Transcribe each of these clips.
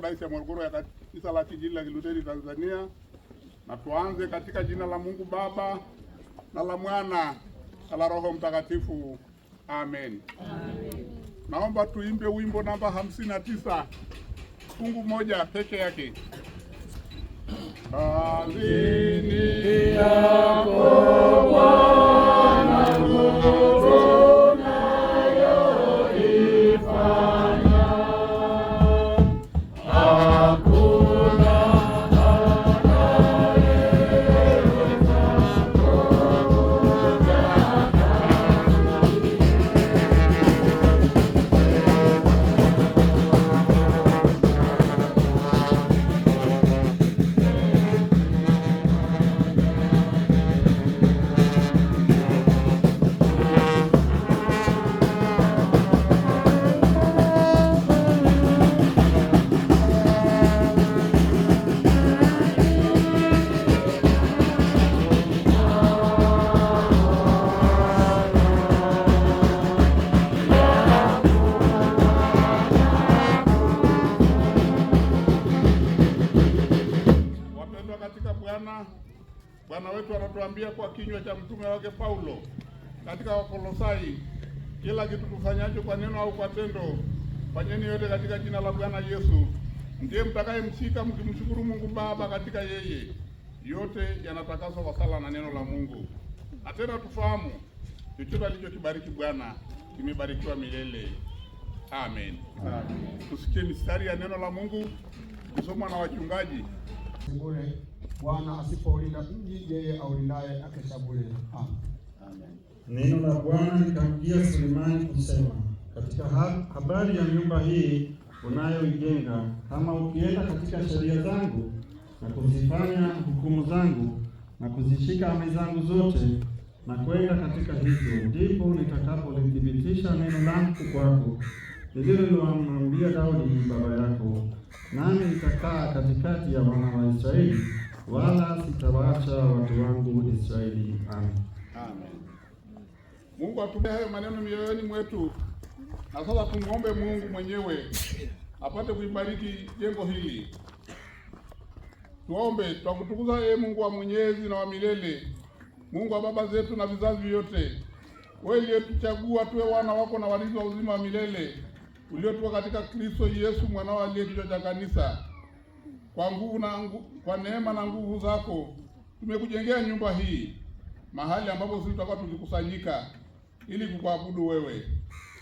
Dayosisi ya Morogoro ya Kanisa la Injili la Kilutheri Tanzania, na tuanze katika jina la Mungu Baba na la Mwana na la Roho Mtakatifu. Amen, amen. Naomba tuimbe wimbo namba 59 fungu moja peke yake kazini yako kinywa cha mtume wake Paulo katika Wakolosai, kila kitu kufanyacho kwa neno au kwa tendo, fanyeni yote katika jina la Bwana Yesu, ndiye mtakayemshika mkimshukuru Mungu Baba katika yeye. Yote yanatakaswa kwa sala na neno la Mungu. Na tena tufahamu, chochote alichokibariki Bwana kimebarikiwa milele. Amen. Amen. Tusikie mistari ya neno la Mungu kusomwa na wachungaji Bwana asipoulinda mji, yeye aulindaye akeshabule. Amen. Neno la Bwana likamjia Sulemani kusema, katika habari ya nyumba hii unayoijenga, kama ukienda katika sheria zangu na kuzifanya hukumu zangu na kuzishika amri zangu zote na kwenda katika hizo, ndipo nitakapolithibitisha neno langu kwako nililomwambia Daudi baba yako, nami nitakaa katikati ya wana wa Israeli wala sitawaacha watu wangu Israeli. Amen. Amen. Mungu atupe hayo maneno mioyoni mwetu, na sasa tumwombe Mungu mwenyewe apate kuibariki jengo hili. Tuombe. Twakutukuza ee Mungu wa mwenyezi na wa milele, Mungu wa baba zetu na vizazi vyote, wewe uliyetuchagua tuwe wana wako na warithi wa uzima wa milele uliotoka katika Kristo Yesu mwanao aliye kichwa cha kanisa kwa nguvu na kwa neema na nguvu zako tumekujengea nyumba hii, mahali ambapo sisi tutakuwa tukikusanyika ili kukuabudu wewe.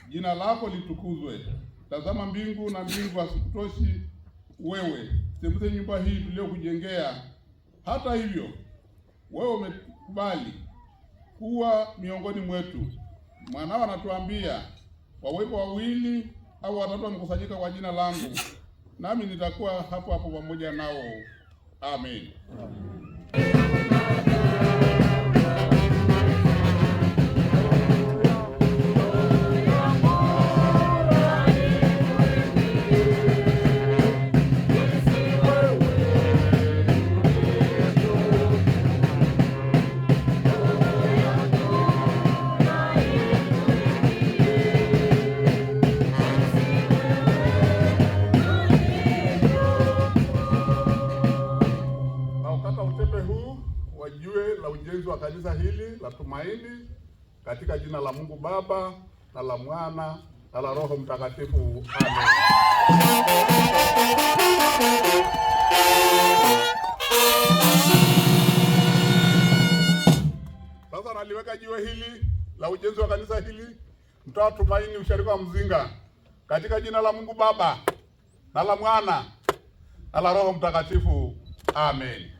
Jina lako litukuzwe. Tazama mbingu na mbingu hazikutoshi wewe, sembuse nyumba hii tuliyokujengea. Hata hivyo, wewe umekubali kuwa miongoni mwetu. Mwanao anatuambia, wawepo wawili au watatu wamekusanyika kwa jina langu nami nitakuwa hapo hapo pamoja nao. Amen, amen. tumaini katika jina la Mungu Baba na la Mwana na la Roho Mtakatifu. Amen. Sasa naliweka jiwe hili la ujenzi wa kanisa hili mtoa wa Tumaini, usharika wa Mzinga, katika jina la Mungu Baba na la Mwana na la Roho Mtakatifu. Amen.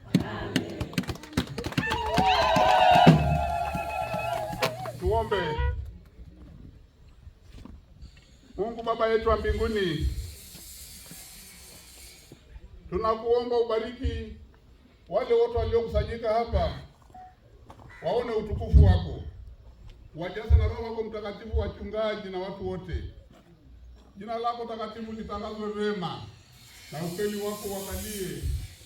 Tuombe. Mungu Baba yetu wa mbinguni, tunakuomba ubariki wale wote waliokusanyika hapa, waone utukufu wako, wajaze na Roho wako Mtakatifu wachungaji na watu wote. Jina lako takatifu litangazwe vema na ukweli wako wakalie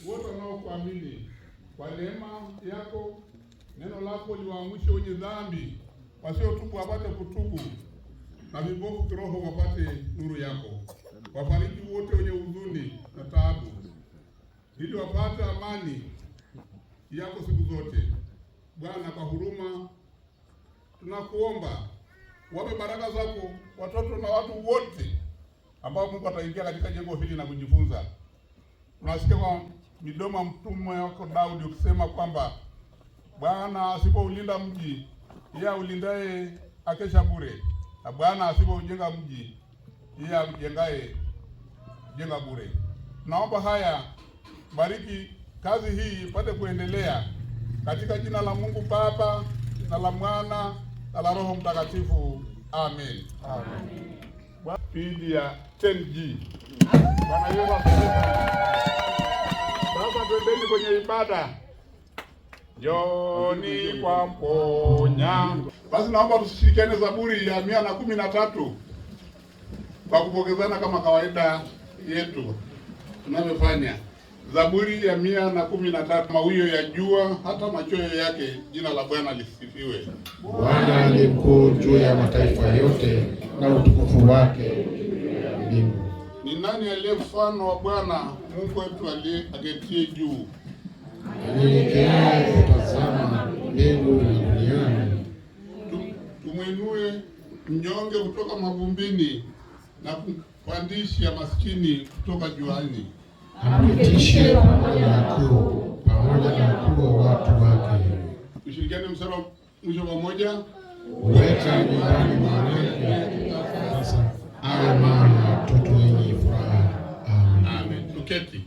wote wanaokuamini. Kwa neema yako neno lako liwaangushe wenye dhambi wasiotubu wapate kutubu na vipofu kiroho wapate nuru yako. Wafariji wote wenye huzuni na taabu, ili wapate amani yako siku zote. Bwana, kwa huruma tunakuomba, wape baraka zako watoto na watu wote ambao Mungu ataingia katika jengo hili na kujifunza. Tunasikia kwa midomo mtume wako Daudi ukisema kwamba Bwana asipoulinda mji yeye aulindaye akesha bure, na Bwana ujenga mji, yeye aujengaye jenga bure. Naomba haya, bariki kazi hii ipate kuendelea katika jina la Mungu Baba na la Mwana na la Roho Mtakatifu. Amen, amen. ya 10G. Bwana Yesu asifiwe. Sasa twendeni kwenye ibada kwa mponya. Basi naomba tushirikiane Zaburi ya mia na kumi na tatu kwa kupokezana kama kawaida yetu tunavyofanya. Zaburi ya mia na kumi na tatu mawio ya jua hata machweo yake, jina la Bwana lisifiwe. Bwana ni mkuu juu ya mataifa yote, na utukufu wake mbingu. Ni nani aliye mfano wa Bwana Mungu wetu aliye aketie juu kutazama mbingu na duniani. Tumwinue mnyonge kutoka mavumbini na kumpandisha maskini kutoka juani, ampitishe pamoja na mkuu pamoja na kuo wa watu wake. Ushirikiane msara mwisho pamoja weka nyumbani mwanake sasa awe mama watoto wenye furaha. Amen. Tuketi.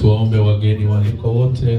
Tuwaombe wageni waliko wote